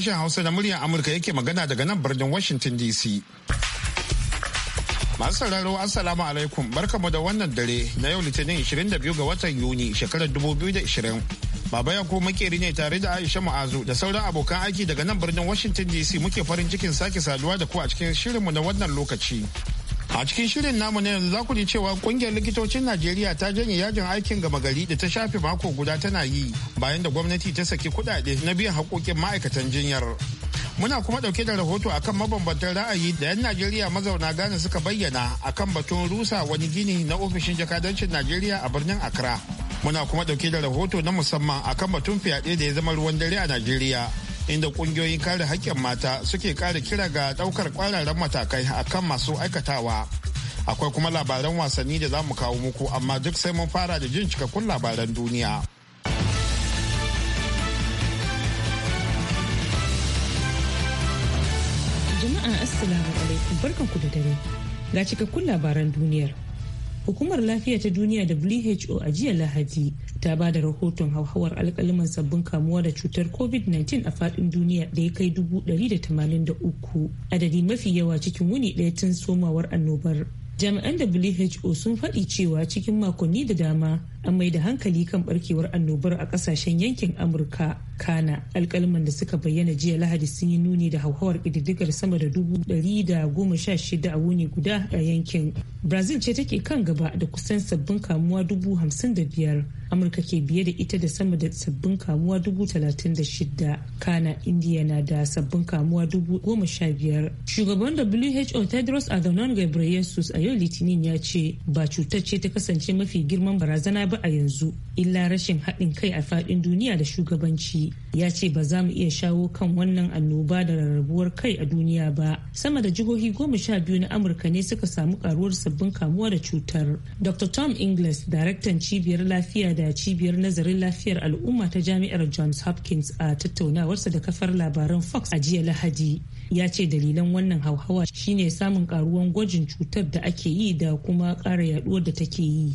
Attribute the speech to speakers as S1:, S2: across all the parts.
S1: Sashen Hausa na muryar Amurka yake magana daga nan birnin Washington DC. Masu sauraro Assalamu alaikum barkamu da wannan dare na yau Litinin 22 ga watan Yuni shekarar 2020. Baba Yakubu makeri ne tare da Aisha mu'azu da sauran abokan aiki daga nan birnin Washington DC muke farin cikin sake saduwa da ku a cikin shirinmu na wannan lokaci. A cikin shirin namu na yanzu za ku ji cewa kungiyar likitocin Najeriya ta janye yajin aikin gama gari da ta shafe mako guda tana yi bayan da gwamnati ta saki kudade na biyan haƙoƙin ma'aikatan jinyar. Muna kuma ɗauke da rahoto akan mabambantan ra'ayi da 'yan Najeriya mazauna Ghana suka bayyana akan batun rusa wani gini na ofishin jakadancin Najeriya a birnin Accra. Muna kuma ɗauke da rahoto na musamman akan batun fyaɗe da ya zama ruwan dare a Najeriya. inda kungiyoyin kare haƙƙin mata suke kare kira ga ɗaukar ƙwararren matakai a kan masu aikatawa. Akwai kuma labaran wasanni da za mu kawo muku amma duk sai mun fara da jin cikakkun labaran duniya.
S2: Jama'a Assalamu alaikum barkanku da dare ga cikakkun labaran duniyar. Hukumar lafiya ta duniya WHO a jiya Lahadi ta ba da rahoton hauhawar alkaliman sabbin kamuwa da cutar COVID-19 a faɗin duniya da ya kai 183 adadi mafi yawa cikin wuni ɗaya tun somawar annobar. Jami'an WHO sun faɗi cewa cikin makonni da dama an mai da hankali kan barkewar annobar a kasashen yankin amurka kana alkalman da suka bayyana jiya lahadi sun yi nuni da hauhawar kididdigar sama da dubu ɗari da goma sha shida a wuni guda a yankin brazil ce take kan gaba da kusan sabbin kamuwa dubu hamsin da biyar amurka ke biye da ita da sama da sabbin kamuwa dubu talatin da shida kana indiya na da sabbin kamuwa dubu goma sha biyar shugaban who tedros adhanom ghebreyesus a yau litinin ya ce ba cutar ce ta kasance mafi girman barazana ba a yanzu illa rashin haɗin kai a faɗin duniya da shugabanci ya ce ba za mu iya shawo kan wannan annoba da rarrabuwar kai a duniya ba sama da jihohi goma sha biyu na amurka ne suka samu karuwar sabbin kamuwa da cutar dr tom inglis daraktan cibiyar lafiya da cibiyar nazarin lafiyar al'umma ta jami'ar johns hopkins a tattaunawarsa da kafar labaran fox a jiya lahadi ya ce dalilan wannan hauhawa shine samun karuwan gwajin cutar da ake yi da kuma ƙara yaduwar da take yi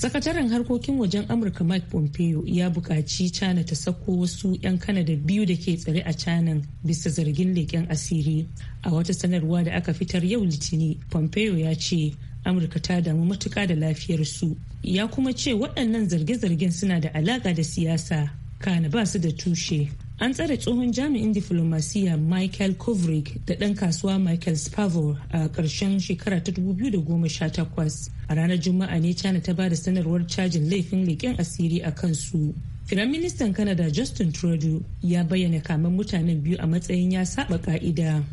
S2: sakataren harkokin wajen amurka mike pompeo ya buƙaci china ta sako wasu 'yan kanada biyu da ke tsare a canan bisa zargin leƙen asiri a wata sanarwa da aka fitar yau litini pompeo ya ce amurka ta damu matuka da lafiyarsu ya kuma ce waɗannan zarge-zargen suna da alaƙa da siyasa kana ba su da tushe an tsare tsohon jami'in diflomasiyya michael kovrig da ɗan kasuwa michael spavor a ƙarshen shekara ta 2018 a ranar juma'a ne china ta ba da sanarwar cajin laifin leƙen asiri a kansu firaministan canada justin trudeau ya bayyana kamar mutanen biyu a matsayin ya saba ka'ida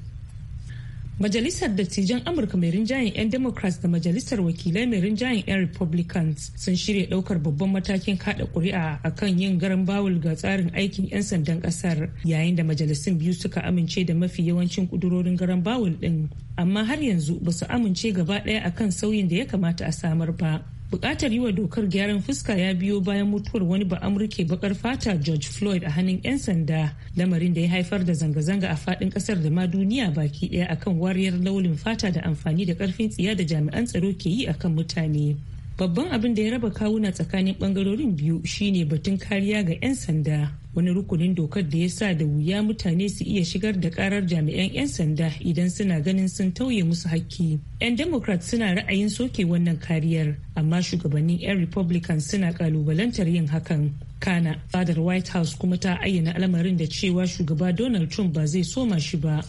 S2: Majalisar Dattijan Amurka mai rinjayen 'yan Democrats da Majalisar Wakilai mai rinjayen 'yan Republicans sun shirya ɗaukar babban matakin kada ƙuri'a a kan yin garan bawul ga tsarin aikin 'yan sandan ƙasar yayin da majalisun biyu suka amince da mafi yawancin ƙudurorin garan bawul ɗin. Amma har yanzu ba su amince gaba ɗaya akan sauyin da ya kamata a samar ba. bukatar yi wa dokar gyaran fuska ya biyo bayan mutuwar wani ba amurke bakar fata george floyd a hannun 'yan sanda lamarin da ya haifar da zanga-zanga a fadin kasar da ma duniya baki daya akan wariyar launin fata da amfani da karfin tsiya da jami'an tsaro ke yi akan mutane babban abin da ya raba kawuna tsakanin bangarorin biyu shine batun kariya ga 'yan sanda wani rukunin dokar da ya sa da wuya mutane su iya shigar da karar jami'an 'yan sanda idan suna ganin sun tauye musu hakki 'yan democrat suna ra'ayin soke wannan kariyar amma shugabannin 'yan republican suna kalubalantar yin hakan kana fadar white house kuma ta ayyana al'amarin da cewa shugaba donald trump ba zai soma shi ba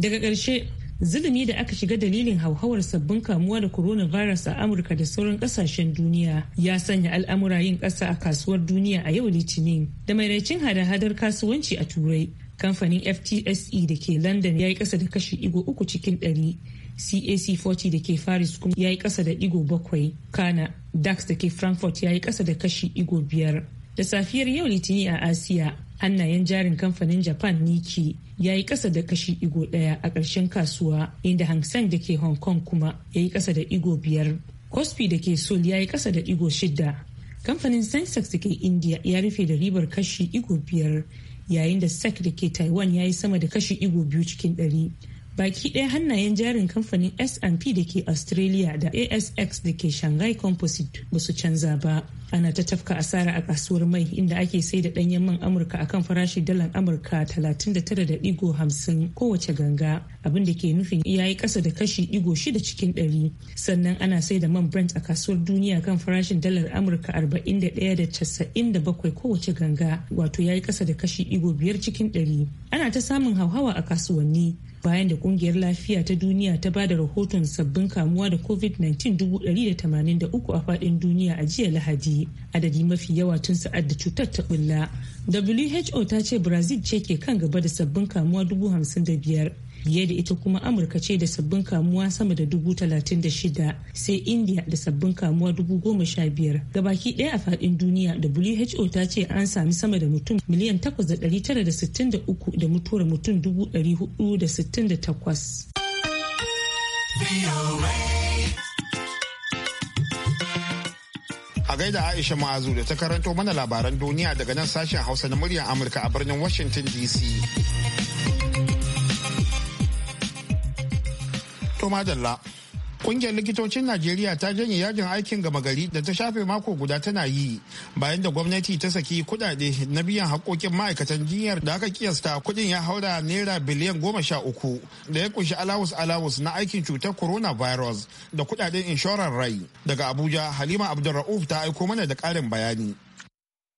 S2: daga ƙarshe zulumi da aka shiga dalilin hauhawar sabbin kamuwa da coronavirus a amurka da sauran kasashen duniya ya sanya al'amura yin ƙasa a kasuwar duniya a yau litinin da maraicin hada-hadar kasuwanci a turai kamfanin ftse da ke london ya yi ƙasa da kashi igo uku cikin ɗari cac 40 da ke paris kuma ya yi ƙasa da igo bakwai kana dax da ke frankfurt ya yi ƙasa da kashi igo biyar da safiyar yau litinin a asiya hannayen jarin kamfanin japan niki ya yi kasa da kashi igo daya a ƙarshen kasuwa inda hang seng da ke hong kong kuma ya yi kasa da igo biyar kospi da ke sol ya yi kasa da igo shida kamfanin sensex da ke india ya rufe da ribar kashi igo biyar yayin da sec da ke taiwan ya yi sama da kashi igo biyu cikin ɗari baki ɗaya hannayen jarin kamfanin S&P da ke Australia da ASX da ke Shanghai Composite ba su canza ba. Ana ta tafka asara a kasuwar mai inda ake sai da ɗanyen man Amurka akan farashin dalar Amurka 39.50 kowace ganga abin da ke nufin ya yi ƙasa da kashi ɗigo shida cikin ɗari. Sannan ana sai da man Brent a kasuwar duniya kan farashin dalar Amurka 41.97 kowace ganga wato ya yi ƙasa da kashi ɗigo biyar cikin ɗari. Ana ta samun hauhawa a kasuwanni bayan da kungiyar lafiya ta duniya ta ba da rahoton sabbin kamuwa da covid-19 183 a fadin duniya a jiya lahadi adadi mafi yawa tun sa'ad da cutar ta bulla who ta ce brazil ce ke kan gaba da sabbin kamuwa 55,000 fiye da ita kuma amurka ce da sabbin kamuwa sama da dubu talatin da shida sai indiya da sabbin kamuwa dubu goma sha biyar gabaki ɗaya a fadin duniya who ta ce an sami sama da mutum miliyan takwas da ɗari tara da sittin da uku da mutuwar mutum dubu ɗari hudu da sittin da takwas.
S1: A gaida Aisha Ma'azu da ta karanto mana labaran duniya daga nan sashen Hausa na muryar Amurka a birnin Washington DC. To madalla. Kungiyar likitocin Najeriya ta janye yajin aikin gama gari da ta shafe mako guda tana yi bayan da gwamnati ta saki kudade na biyan haƙoƙin ma'aikatan jinyar da aka kiyasta kudin ya haura naira biliyan goma sha uku da ya kunshi alawus alawus na aikin cutar coronavirus da kudaden inshorar rai daga Abuja Halima Abdulra'uf ta aiko mana da ƙarin bayani.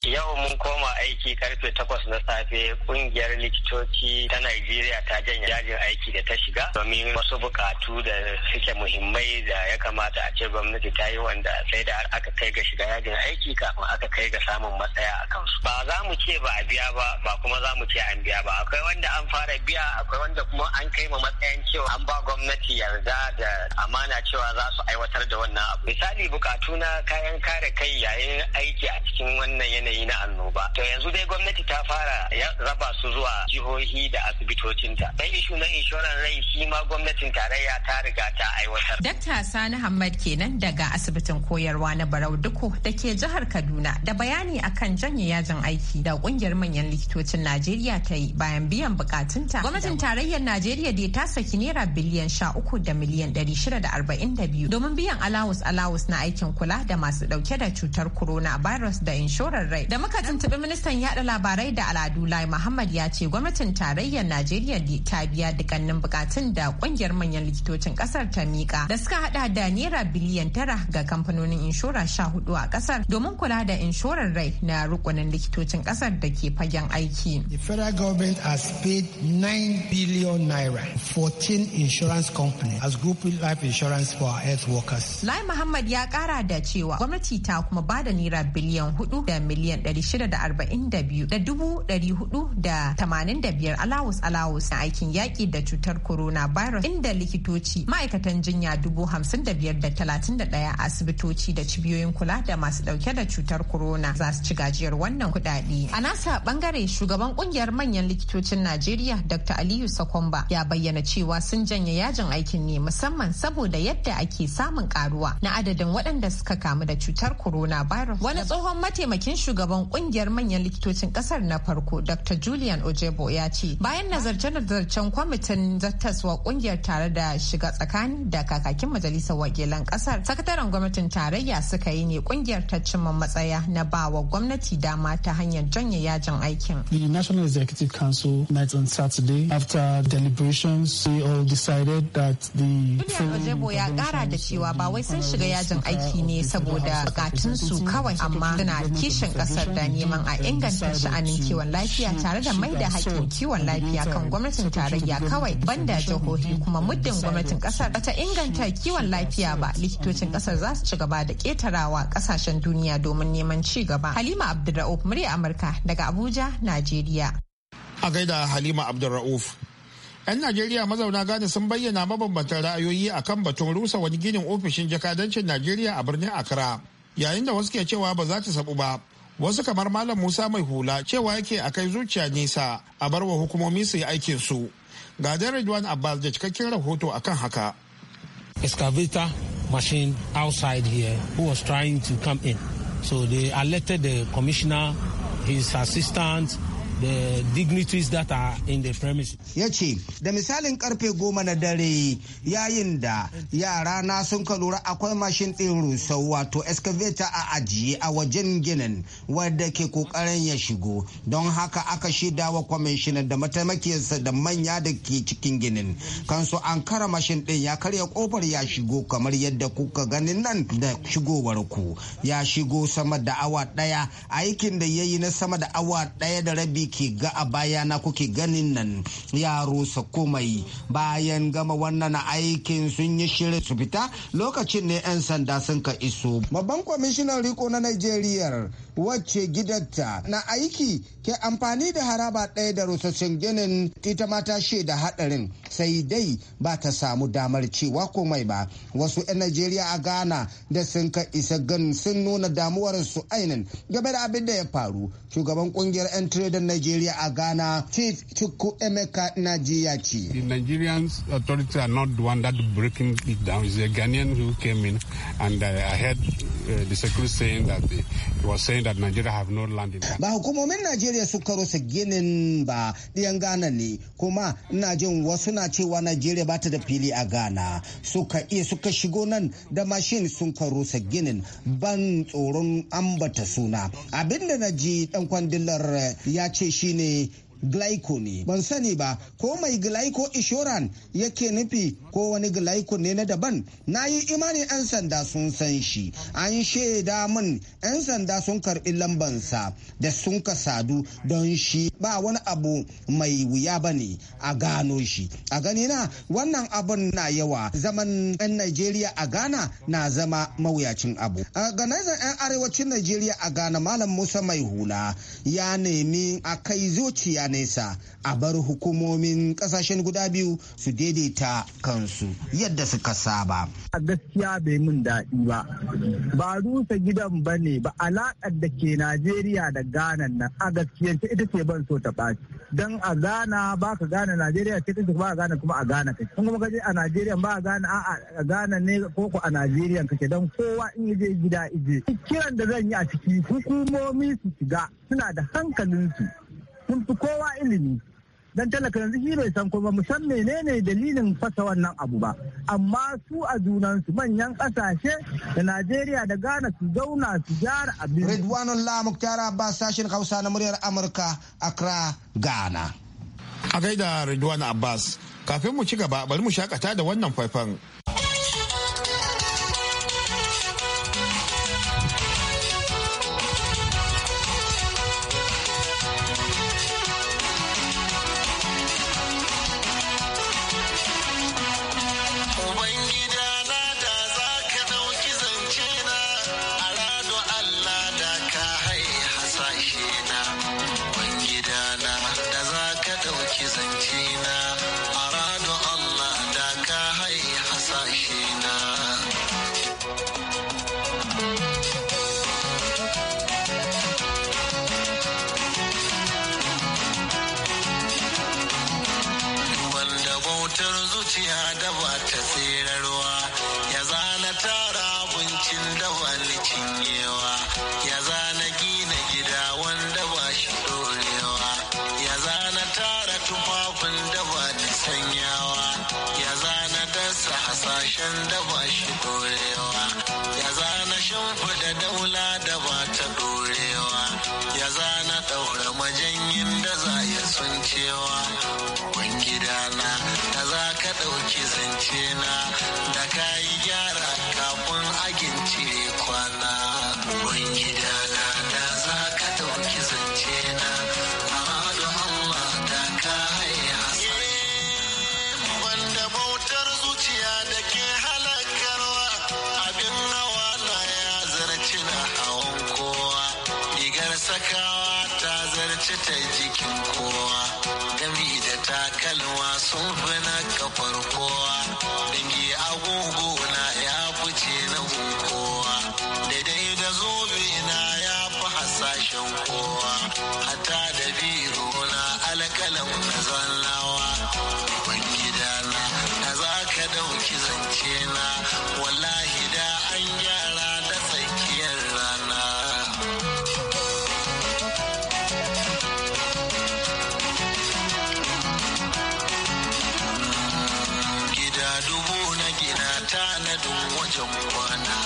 S3: Yau mun koma aiki karfe takwas na safe kungiyar likitoci ta Najeriya ta janya. yajin aiki da ta shiga domin wasu bukatu da suke muhimmai da ya kamata a ce gwamnati ta yi wanda sai da aka kai ga shiga yajin aiki kafin aka kai ga samun matsaya a kansu. Ba za mu ce ba a biya ba ba kuma za mu ce an biya ba akwai wanda an fara biya akwai wanda kuma an kai ma matsayin cewa an ba gwamnati yarda da amana cewa za su aiwatar da wannan abu. Misali bukatu na kayan kare kai yayin aiki a cikin wannan yanayi hanyoyi na annoba to yanzu dai gwamnati ta fara raba su zuwa jihohi da asibitocinta dan ishu na inshoran rai shi ma gwamnatin
S4: tarayya ta riga ta aiwatar
S5: dakta sani hamad kenan daga asibitin koyarwa na barau duku da ke jihar kaduna da bayani akan janye yajin aiki da kungiyar manyan likitocin najeriya ta yi bayan biyan bukatunta gwamnatin tarayyar najeriya dai ta saki naira biliyan sha uku da miliyan ɗari shida da arba'in da biyu domin biyan alawus alawus na aikin kula da masu ɗauke da cutar corona virus da inshorar rai labarai. Da muka tuntubi ministan yaɗa labarai da al'adu Lai Muhammad ya ce gwamnatin tarayyar Najeriya ta biya dukkanin bukatun da kungiyar manyan likitocin kasar ta mika da suka hada da naira biliyan tara ga kamfanonin inshora sha hudu a kasar domin kula da inshorar rai na rukunin likitocin kasar da ke fagen aiki.
S6: The federal government has paid 9 billion naira 14 insurance companies as group life insurance for our health workers.
S5: Lai Muhammad ya kara da cewa gwamnati ta kuma bada naira biliyan hudu da miliyan miliyan 642,485 alawus alawus na aikin yaƙi da cutar corona virus inda likitoci ma'aikatan jinya 55,031 asibitoci da cibiyoyin kula da masu ɗauke da cutar corona za su ci gajiyar wannan kuɗaɗe. A nasa bangare shugaban kungiyar manyan likitocin Najeriya Dr. Aliyu Sakwamba ya bayyana cewa sun janye yajin aikin ne musamman saboda yadda ake samun karuwa na adadin waɗanda suka kamu da cutar corona virus. Wani tsohon mataimakin shugaban shugaban kungiyar manyan likitocin kasar na farko dr julian ojebo ya ce bayan nazarce-nazarcen kwamitin zattaswa kungiyar tare da shiga tsakani da kakakin majalisar wakilan kasar sakataren gwamnatin tarayya suka yi ne kungiyar ta cimma matsaya na bawa gwamnati dama ta hanyar janye yajin aikin
S6: the national executive council met on saturday after deliberations all decided that the
S5: ojebo ya kara da cewa ba wai sun shiga yajin aiki ne saboda bukatunsu kawai amma suna kishin kasa kasar da neman a inganta sha'anin kiwon lafiya tare da mai da haƙƙin kiwon lafiya kan gwamnatin tarayya kawai banda jihohi kuma muddin gwamnatin kasar bata inganta kiwon lafiya ba likitocin kasar za su ci gaba da ketarawa kasashen duniya domin neman ci gaba. Halima Abdulra'uf murya Amurka daga Abuja, Najeriya.
S1: A gaida Halima Abdulra'uf
S5: 'yan najeriya mazauna gane sun bayyana mabambantan
S1: ra'ayoyi a kan batun rusa wani ginin ofishin jakadancin najeriya a birnin accra yayin da wasu ke cewa ba za ta sabu ba wasu kamar malam musa mai hula cewa yake a kai zuciya nisa a barwa hukumomi su yi aikin su ga Redwan abbas da cikakken rahoto akan haka excavator machine outside here who was trying to come in so they alerted the commissioner his assistant the
S3: dignitaries that are in the premises. Ya ce, da misalin karfe goma na dare yayin da yara na sun ka lura akwai mashin ɗin sau wato excavator a ajiye a wajen ginin wadda ke kokarin ya shigo. Don haka aka shaida wa kwamishinan da mataimakinsa da manya da ke cikin ginin. Kansu an kara mashin ɗin ya karya kofar ya shigo kamar yadda kuka ganin nan da shigowar ku. Ya shigo sama da awa ɗaya aikin da ya yi na sama da awa ɗaya da rabi ke ga a bayana kuke ganin nan yaro komai bayan gama wannan aikin sun yi shirin su fita lokacin ne 'yan sanda sun ka iso babban kwamishinan riko na nigeria wacce gidanta na aiki ke amfani da haraba ɗaya da rusassun ginin ita ma ta shaida haɗarin sai dai ba ta samu damar cewa komai ba wasu 'yan najeriya a ghana da sun ka isa gan sun nuna damuwarsu ainin game da abin da ya faru shugaban kungiyar 'yan tiredan najeriya a ghana chief tuku emeka najiya ce
S1: the nigerian authorities are not the one that breaking it down it's a ghanaian who came in and uh, i heard uh, the security saying that they were saying that Nigeria have no land in
S3: Ba hukumomin Najeriya suka rusa ginin ba ɗiyan Ghana ne kuma ina jin wasu na cewa Najeriya ba ta da fili a Ghana suka iya suka shigo nan da mashin sun ka rusa ginin ban tsoron ambata suna abinda na ji ɗan kwandilar ya ce shine glyco ne ban sani ba ko mai glyco insurance yake nufi ko wani glyco ne na daban na yi imanin 'yan sanda sun san shi an shaida min 'yan sanda sun karbi lambansa da sun ka sadu don shi ba wani abu mai wuya ba ne a gano shi a gani na wannan abun na yawa zaman 'yan najeriya a ghana na zama mawuyacin abu a 'yan arewacin najeriya a gana malam musa mai hula ya nemi a kai zuciya nesa a bar hukumomin kasashen guda biyu su daidaita kansu yadda suka saba. A gaskiya bai mun daɗi ba. Ba rusa gidan ba ne ba alaƙar da ke Najeriya da Ghana nan a ta ita ce ban so ta ɓaci. Don a Ghana ba ka gane Najeriya ce kake ba a Ghana kuma a Ghana kake. Kun kuma kaje a Najeriya ba a Ghana a Ghana ne ko ko a Najeriya kake don kowa in ya je gida ije. Kiran da zan yi a ciki hukumomi su shiga suna da hankalinsu. sun fi kowa ilimi dan talaka yanzu shi bai san kuma musan menene dalilin fasa wannan abu ba amma su a junansu manyan kasashe da najeriya da ghana su zauna su gyara abin ridwanullah muktar abbas sashin hausa na muryar amurka accra
S1: ghana a gaida ridwan abbas kafin mu ci gaba bari mu shakata da wannan faifan.
S7: ganyen da za ya san cewa wajen kwana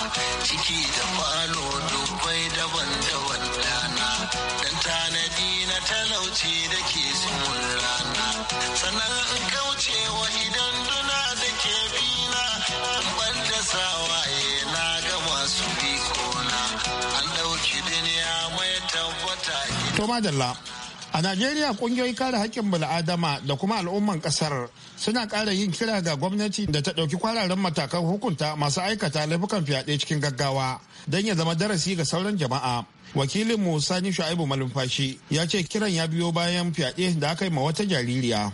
S7: ciki da falo dubbai daban-daban dana dan tanadi na talauci da ke sun rana sannan in kauce wa idan duna da ke bina ban da sawaye na ga masu bikona an dauki duniya mai tabbata
S1: to madalla a najeriya kungiyoyi kare haƙƙin bil'adama da kuma al'umman ƙasar suna ƙara yin kira ga gwamnati da ta ɗauki kwararren matakan hukunta masu aikata laifukan fyaɗe cikin gaggawa don ya zama darasi ga sauran jama'a. Wakilin mu Sani Shu'aibu Malumfashi ya ce kiran ya biyo bayan fyaɗe da aka yi ma wata jaririya.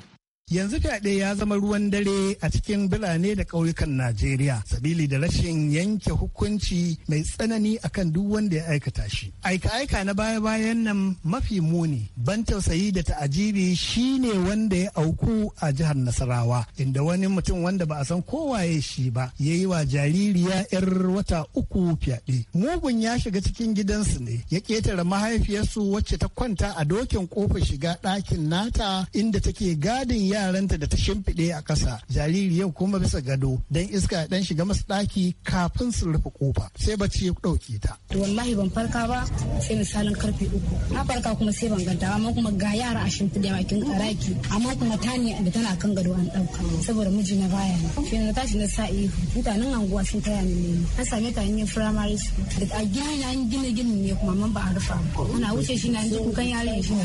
S6: Yanzu fyaɗe ya zama ruwan dare a cikin birane da ƙauyukan Najeriya sabili da rashin yanke hukunci mai tsanani akan duk wanda ya aikata shi. Aika-aika na baya-bayan nan mafi muni ban tausayi da ta'ajiri shine wanda ya auku a jihar Nasarawa inda wani mutum wanda ba a san kowaye shi ba ya yi wa jaririya 'yar wata uku fyaɗe. Mugun ya shiga cikin gidansu ne ya ƙetare mahaifiyarsu wacce ta kwanta a dokin kofar shiga ɗakin nata inda take gadin ya yaranta da ta shimfiɗe a ƙasa jariri yau kuma bisa gado dan iska ya dan shiga masu ɗaki kafin su rufe kofa sai bacci ya ɗauke ta.
S8: wallahi ban farka ba sai misalin karfe uku na farka kuma sai ban ganta amma kuma ga yara a shimfiɗe bakin karaki amma kuma tani da tana kan gado an ɗauka saboda miji na baya ne shi na tashi na sa ihu mutanen anguwa sun taya ni ne an same ta hanyar firamare su da a gyara an gina ginin ne kuma man ba a rufa ana wuce shi na ji kukan yaran shi na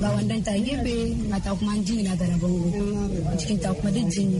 S8: ga wandan ta gefe mata kuma an ji na da na bango cikin duk jini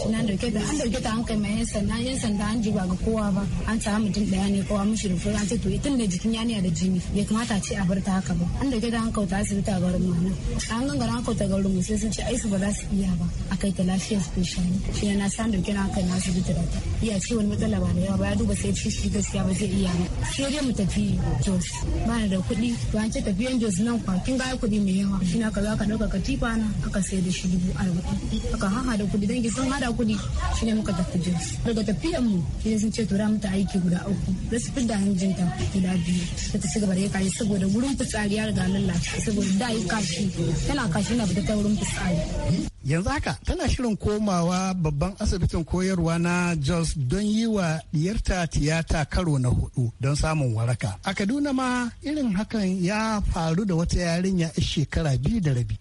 S8: shi dauke da an dauke ta an kai mai yan sanda sanda an jiba ga kowa ba an samu mutum daya ne kowa mishi rufe an ce to tun da jikin yaniya da jini ya kamata a ce a bar ta haka ba an dauke da an kauta asibiti a garin mu an gangara an kauta garin mu sai sun ce ai su ba za su iya ba a kai ta lafiya special shi na san dauke na kai na asibiti da ta iya ce wani matsala ba da yawa ba ya duba sai ci shi gaskiya ba zai iya ba shi dai mu tafi jos ba da kuɗi to an ce tafiyan jos nan kwa kin ga kuɗi mai yawa shi na ka ka ɗauka katifa na aka sai da shi dubu arba'in haka hada da kudi dangi sun hada kudi shi ne muka tafi jos daga tafiyan mu shi sun ce tura mata aiki guda uku da su fi da hanjinta guda biyu da ta shiga bare kai saboda wurin fitsari ya riga lalace saboda da yi kashi tana kashi na fita ta wurin fitsari
S6: yanzu haka tana shirin komawa babban asibitin koyarwa na jos don yi wa diyarta tiyata karo na hudu don samun waraka a kaduna ma irin hakan ya faru da wata yarinya a shekara biyu da rabi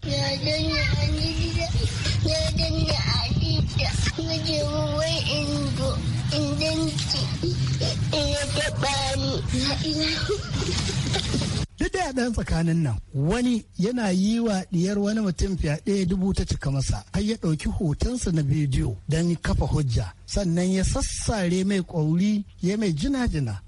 S6: a tsakanin nan wani yana yi wa ɗiyar wani mutum fyaɗe dubu ta cika masa har ya ɗauki hotonsa na bidiyo don kafa hujja sannan ya sassare mai ƙwauri ya mai jina-jina.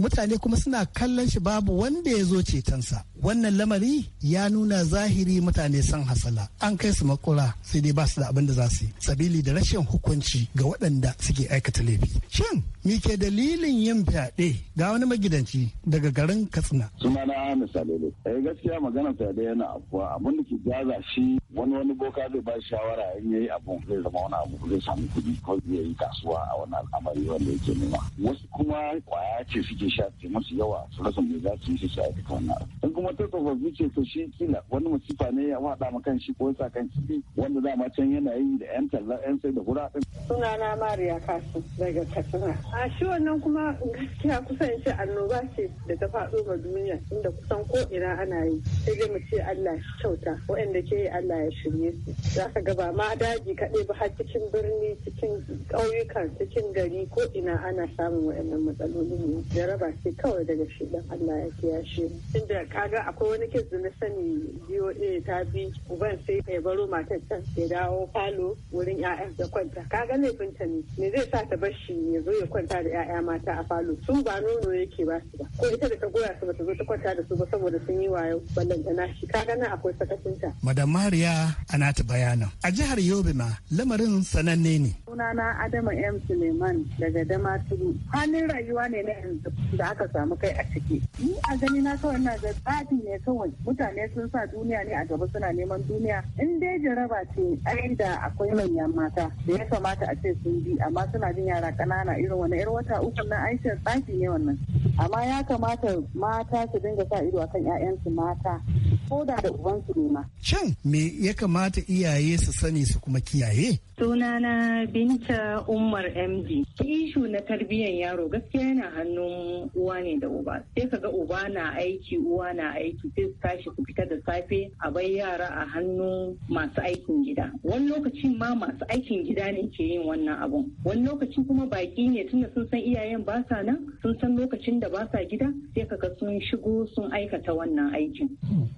S6: mutane kuma suna kallon shi babu wanda ya zo cetonsa wannan lamari ya nuna zahiri mutane san hasala an kai su makura sai dai ba su da abin da za su yi sabili da rashin hukunci ga waɗanda suke aikata laifi shin me ke dalilin yin fyaɗe ga wani magidanci daga garin katsina
S3: suna misalele eh gaskiya magana fyaɗe yana abuwa abin da ke gaza shi wani wani boka zai ba shawara in yayi abun zai zama wani abu zai samu kuɗi ko zai yi kasuwa a wani al'amari wanda yake nema wasu kuma kwaya ce suke sha
S7: ce masu yawa su rasa mai za su yi su wani abu
S3: in kuma ta tsofaffi ce to shi kila wani masifa ne ya faɗa ma kan shi ko sa kan ciki wanda dama can yana yi da yan talla yan sai da gura ɗin.
S9: sunana mariya kasu daga katsina a shi wannan kuma gaskiya kusan ce annoba ce da ta faɗo ma duniya inda kusan ko ina ana yi sai dai mu ce allah shi kyauta waɗanda ke yi allah ya shirye su za ka ga ba ma daji kaɗai ba har cikin birni cikin ƙauyukan cikin gari ko ina ana samun matsaloli matsalolin jaraba sai kawai daga shi dan Allah ya kiyashe inda kaga akwai wani kids na sani DOA ta bi uban sai ya baro matar can ya dawo falo wurin ƴaƴan da kwanta kaga laifin ta ne me zai sa ta bar shi ya zo ya kwanta da 'ya'ya mata a falo su ba nono yake ba su ba ko ita da ta goya su ba ta zo ta kwanta da su ba saboda sun yi wayo ballantana shi kaga nan akwai sakacinta
S6: madam Mariya Najeriya a ta bayanan. A jihar Yobe ma lamarin sananne ne.
S9: Sunana Adama M. Suleiman daga Dama Hannun rayuwa ne na yanzu da aka samu kai a ciki. ni a gani na kawai na ga tsafi ne kawai mutane sun sa duniya ne a gaba suna neman duniya in dai jaraba ce ai da akwai manyan mata da ya kamata a ce sun bi amma suna jin yara kanana irin wani yar wata uku na aisha tsafi ne wannan amma ya kamata mata su dinga sa ido akan 'ya'yansu mata ko da da ubansu ne ma.
S6: Shin me ya kamata iyaye su sani su kuma kiyaye?
S5: sunana binta umar md ishu na tarbiyyar yaro gaskiya yana hannun uwa ne da uba sai kaga uba na aiki uwa na aiki sai su tashi ku fita da safe a bai yara a hannun masu aikin gida wani lokacin ma masu aikin gida ne ke yin wannan abun wani lokacin kuma baki ne tunda sun san iyayen ba sa nan sun san lokacin da ba sa gida sai kaga sun shigo sun aikata wannan aikin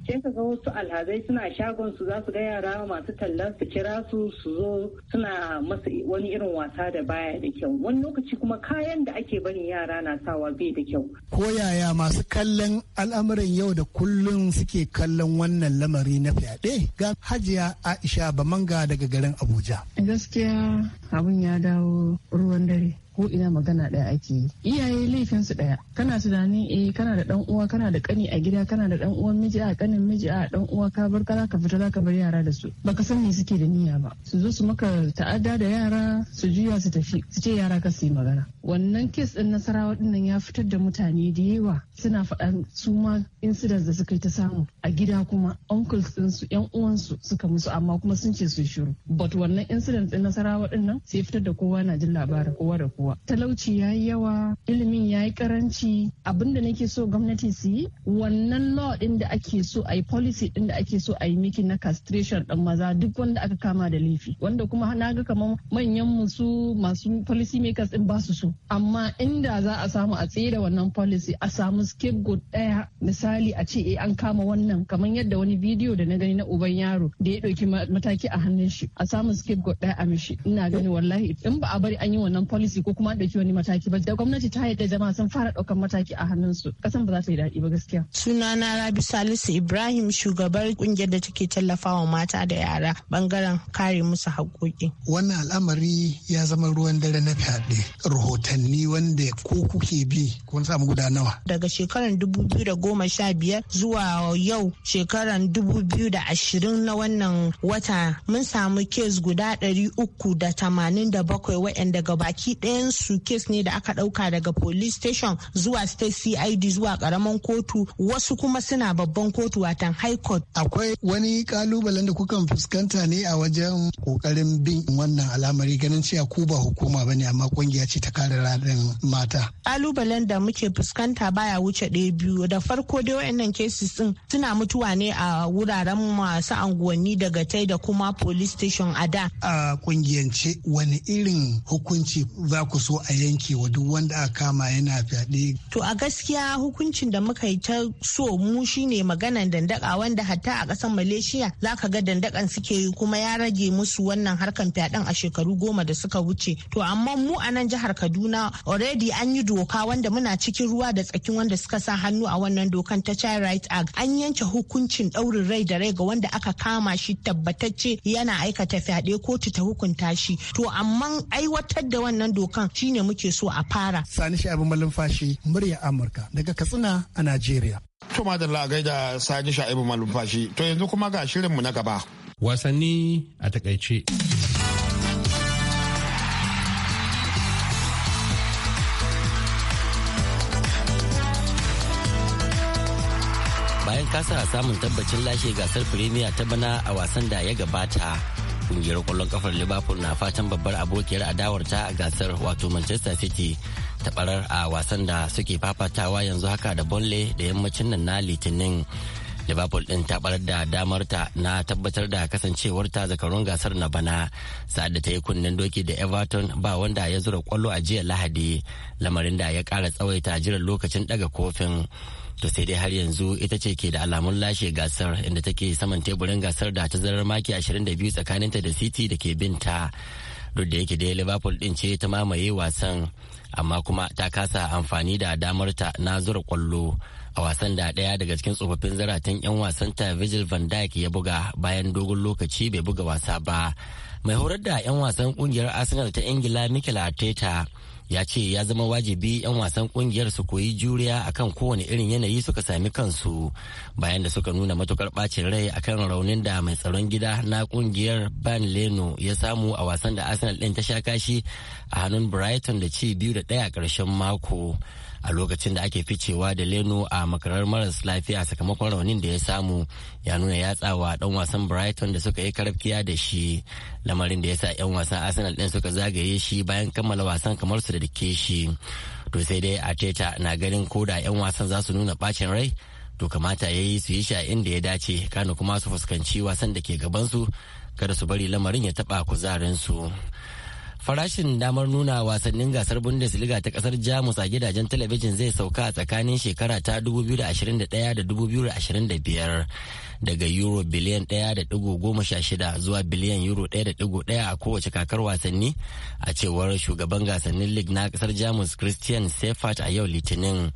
S5: sai kaga wasu alhazai
S9: suna shagon su za su ga yara masu tallan su kira su su zo suna masa wani irin wasa da baya da kyau wani lokaci kuma kayan da ake barin yara na sawa bai da kyau
S6: ko yaya masu kallon al'amuran yau da kullun suke kallon wannan lamari na fyaɗe ga hajiya aisha bamanga daga garin abuja
S10: gaskiya abun ya dawo ruwan dare ko ina magana ɗaya ake yi iyaye laifin su ɗaya kana tunanin eh kana da ɗan uwa kana da kani a gida kana da ɗan'uwan uwan miji a ƙanin miji a dan uwa ka bar kana ka fita ka bar yara da su baka san me suke da niyya ba su zo su maka ta'adda da yara su juya su tafi su ce yara ka su yi magana wannan kes ɗin nasarawa ɗinnan ya fitar da mutane da yawa suna faɗan su ma incidents da suka ta samu a gida kuma uncles ɗinsu yan uwansu suka musu amma kuma sun ce su shiru but wannan incidents ɗin nasarawa ɗinnan sai fitar da kowa na jin labarin kowa da kowa yawa talauci ya yi yawa ilimin ya yi karanci abinda nake so gwamnati su yi wannan law din da ake so a yi policy din da ake so a yi miki na castration din maza duk wanda aka kama da laifi wanda kuma na ga kamar manyan musu masu policy makers din ba su so amma inda za a samu a tsere wannan policy a samu scapegoat daya misali a ce eh an kama wannan kamar yadda wani bidiyo da na gani na uban yaro da ya ɗauki mataki a hannun shi a samu scapegoat daya a mishi ina gani wallahi in ba a bari an yi wannan policy ko ko kuma an ɗauki wani mataki ba da gwamnati ta yadda jama'a sun fara ɗaukan mataki a
S9: hannunsu kasan ba za ta yi daɗi ba gaskiya. sunana rabi salisu ibrahim shugabar ƙungiyar da take tallafawa mata da yara bangaren kare musu haƙoƙi. wannan al'amari ya zama ruwan dare na fyaɗe
S6: rahotanni wanda ko kuke bi kun samu
S9: guda nawa. daga shekarar dubu biyu da goma sha biyar zuwa yau shekarar dubu biyu da ashirin na wannan wata mun samu kes guda ɗari uku da tamanin da bakwai waɗanda gabaki ɗaya bayan su kes ne da aka ɗauka daga police station zuwa state cid zuwa karaman kotu wasu kuma suna babban kotu watan high court. akwai wani
S6: kalubalen da kukan fuskanta ne a wajen kokarin bin wannan al'amari ganin cewa ku ba hukuma bane amma kungiya ce ta kare radin mata.
S9: kalubalen da muke fuskanta baya wuce ɗaya biyu da farko dai wayannan cases din suna mutuwa ne a wuraren masu anguwanni daga tai da kuma police station a da.
S6: a kungiyance wani irin hukunci za ku so a yanke wa duk wanda aka kama yana fyaɗe.
S9: To a gaskiya hukuncin da muka yi ta so mu shine maganan dandaka wanda hatta a ƙasar Malaysia za ka ga dandakan suke yi kuma ya rage musu wannan harkan fyaɗen a shekaru goma da suka wuce. To amma mu a nan jihar Kaduna already an yi doka wanda muna cikin ruwa da tsakin wanda suka sa hannu a wannan dokan ta Child Rights Act an yanke hukuncin ɗaurin rai da rai ga wanda aka kama shi tabbatacce yana aikata fyaɗe kotu ta hukunta shi. To amma aiwatar da wannan dokan Shi shine muke so a fara. Sani Sha'ibu Malumfashi, murya Amurka
S6: daga Katsina a Najeriya.
S1: To madalla a gaida Sani Sha'ibu Malumfashi, to yanzu kuma ga shirinmu na gaba. Wasanni a takaice.
S4: bayan kasa samun tabbacin lashe gasar firimiya ta bana a wasan da ya gabata kungiyar kwallon kafar liverpool na fatan babbar abokiyar adawarta a gasar wato manchester city ta barar a wasan da suke fafatawa yanzu haka da bonle da yammacin nan na litinin liverpool din ta barar da damarta na tabbatar da kasancewar ta zakarun gasar na bana sa'ad da ta yi kunnen doki da everton ba wanda ya zura kwallo a jiya lahadi lamarin da ya kara tsawaita jiran lokacin daga kofin to sai dai har yanzu ita ce ke da alamun lashe gasar inda take saman teburin gasar da ta zarar maki 22 ta da city da ke binta duk da yake dai liverpool din ce ta mamaye wasan amma kuma ta kasa amfani da damarta na zura kwallo a wasan da ɗaya daga cikin tsofaffin zaratan 'yan wasan ta Virgil van Dijk ya buga bayan dogon lokaci bai buga wasa ba. Mai horar da 'yan wasan kungiyar Arsenal ta Ingila Mikel Arteta ya ce ya zama wajibi 'yan wasan kungiyar su koyi juriya akan kowane irin yanayi suka sami kansu bayan da suka nuna matukar bacin rai akan raunin da mai tsaron gida na kungiyar ban leno ya samu a wasan da arsenal din ta sha kashi a hannun brighton da ci biyu da a karshen mako a lokacin da ake ficewa da leno a makarar maras lafiya sakamakon raunin da ya samu ya nuna ya tsawa dan wasan brighton da suka yi karfiya da shi lamarin da ya sa 'yan wasan arsenal din suka zagaye shi bayan kammala wasan kamar su da dake shi to sai dai a teta na ganin ko da 'yan wasan za su nuna bacin rai to kamata ya yi su yi sha inda ya dace kano kuma su fuskanci wasan da ke gabansu kada su bari lamarin ya taba kuzarinsu. su farashin damar nuna wasannin gasar bundesliga ta kasar jamus a gidajen talabijin zai sauka a tsakanin shekara ta 2021 da 2025 daga euro biliyan 1.16 zuwa biliyan euro 1.1 a kowace kakar wasanni a cewar shugaban gasannin league na kasar jamus christian sefat a yau litinin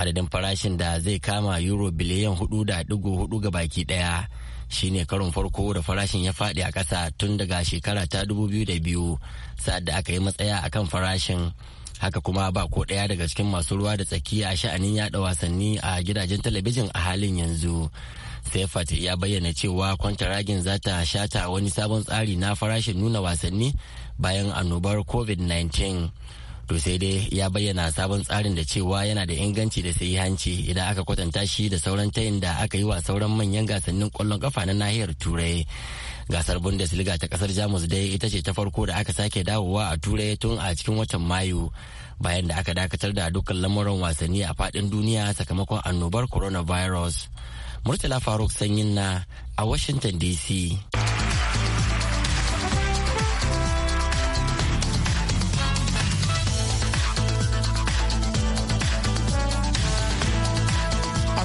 S4: adadin farashin da zai kama euro biliyan 4.4 ga baki daya shine karon farko da farashin ya faɗi a ƙasa tun daga shekara ta 2002 sa'ad da aka yi matsaya akan farashin haka kuma ba ko ɗaya daga cikin masu ruwa da tsaki a sha'anin yada wasanni a gidajen talabijin a halin yanzu Sefat ya bayyana cewa kwantaragin za ta shata wani sabon tsari na farashin nuna wasanni bayan annobar covid-19 to sai dai ya bayyana sabon tsarin da cewa yana da inganci da hanci idan aka kwatanta shi da sauran tayin da aka yi wa sauran manyan gasannin kwallon kafa na nahiyar turai gasar bundesliga ta kasar jamus dai ita ce ta farko da aka sake dawowa a turai tun a cikin watan mayu bayan da aka dakatar da dukkan lamuran wasanni a fadin duniya sakamakon annobar coronavirus murtala faruk sanyin na a washington dc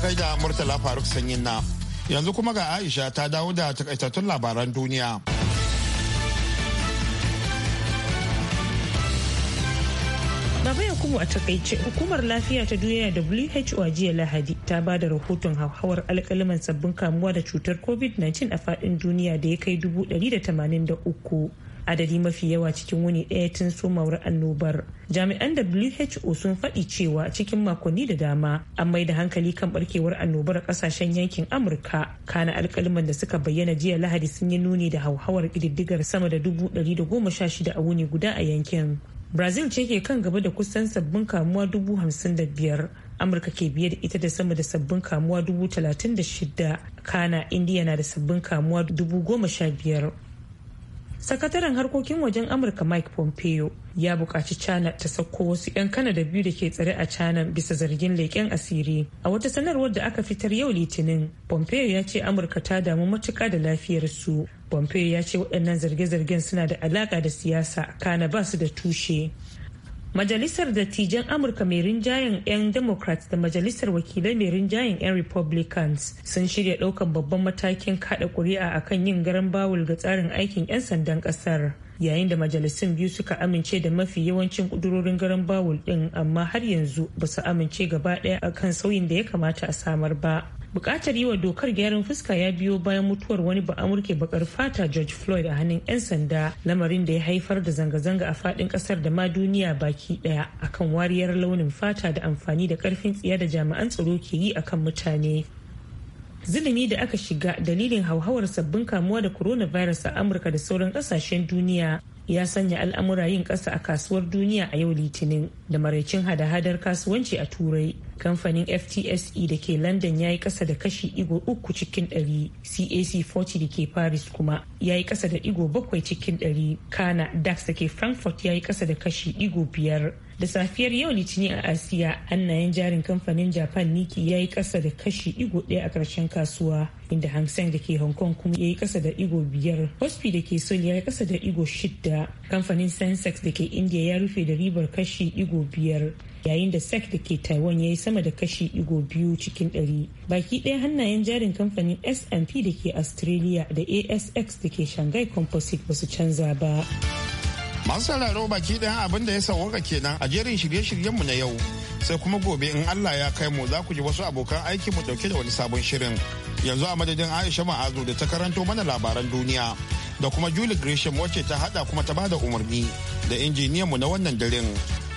S1: kai da Murtala Faruk Sanyin na. Yanzu kuma ga Aisha ta dawo da takaitattun labaran duniya.
S2: Baba Yakubu a takaice hukumar lafiya ta duniya WHO a jiya Lahadi ta ba da rahoton hauhawar alkaliman sabbin kamuwa da cutar COVID-19 a faɗin duniya da ya kai 183. adadi mafi yawa cikin wuni ɗaya tun somawar annobar jami'an who sun faɗi cewa cikin makonni da dama an mai da hankali kan barkewar annobar ƙasashen yankin amurka kana alkaliman da suka bayyana jiya lahadi sun yi nuni da hauhawar ƙididdigar sama da dubu ɗari da goma sha shida a wuni guda a yankin brazil ce ke kan gaba da kusan sabbin kamuwa dubu hamsin da biyar amurka ke biye da ita da sama da sabbin kamuwa dubu talatin da shida kana indiya na da sabbin kamuwa dubu goma sha biyar sakataren harkokin wajen amurka mike pompeo ya buƙaci china ta sauko wasu 'yan kanada biyu da ke tsare a china bisa zargin leƙen asiri a wata sanarwar da aka fitar yau litinin pompeo ya ce amurka ta damu matuƙa da lafiyarsu pompeo ya ce waɗannan zarge-zargen suna da alaƙa da siyasa kana ba su da tushe majalisar dattijan amurka mai rinjayen 'yan democrats da majalisar wakilai mai rinjayen 'yan republicans sun shirya ɗaukan babban matakin kada kuri'a akan yin garan bawul ga tsarin aikin 'yan sandan ƙasar yayin da majalisun biyu suka amince da mafi yawancin kudurorin garan bawul din amma har yanzu ba su amince gaba daya akan sauyin da ya kamata a samar ba bukatar yi wa dokar gyaran fuska ya biyo bayan mutuwar wani ba amurke bakar fata george floyd a hannun 'yan sanda lamarin da ya haifar da zanga-zanga a fadin kasar da ma duniya baki daya akan wariyar launin fata da amfani da karfin tsiya da jami'an tsaro ke yi akan mutane zulumi da aka shiga dalilin hauhawar sabbin kamuwa da coronavirus a amurka da sauran kasashen duniya ya sanya al'amura yin ƙasa a kasuwar duniya a yau litinin da maraicin hada-hadar kasuwanci a turai kamfanin ftse da ke london ya yi ƙasa da kashi igo uku cikin ɗari cac 40 da ke paris kuma ya yi ƙasa da igo bakwai cikin ɗari kana dax da ke frankfurt ya yi ƙasa da kashi igo biyar da safiyar yau litinin a asiya hannayen jarin kamfanin japan niki ya yi ƙasa da kashi igo ɗaya a ƙarshen kasuwa inda Hang da ke Hong Kong kuma ya yi kasa da igo biyar. Kospi da ke Seoul ya yi kasa da igo shidda Kamfanin Sensex da ke India ya rufe da ribar kashi igo biyar. Yayin da SEC da ke Taiwan ya yi sama da kashi igo biyu cikin ɗari. Baki ɗaya hannayen jarin kamfanin S&P da ke Australia da ASX da ke Shanghai Composite ba su canza ba. masu sauraro
S1: baki ɗaya abin da ya sauwaka kenan a jerin shirye-shiryenmu na yau sai kuma gobe in Allah ya kai mu za ku ji wasu abokan aiki mu ɗauke da wani sabon shirin yanzu a madadin Aisha Ma'azu da ta karanto mana labaran duniya da kuma Julie Gresham wacce ta hada kuma ta bada umarni da injiniyanmu na wannan daren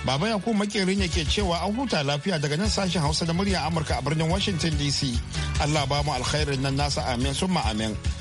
S1: Baba Yakubu makerin ke cewa an huta lafiya daga nan sashen Hausa da murya Amurka a birnin Washington DC. Allah ba mu alkhairin nan nasa amin summa amin.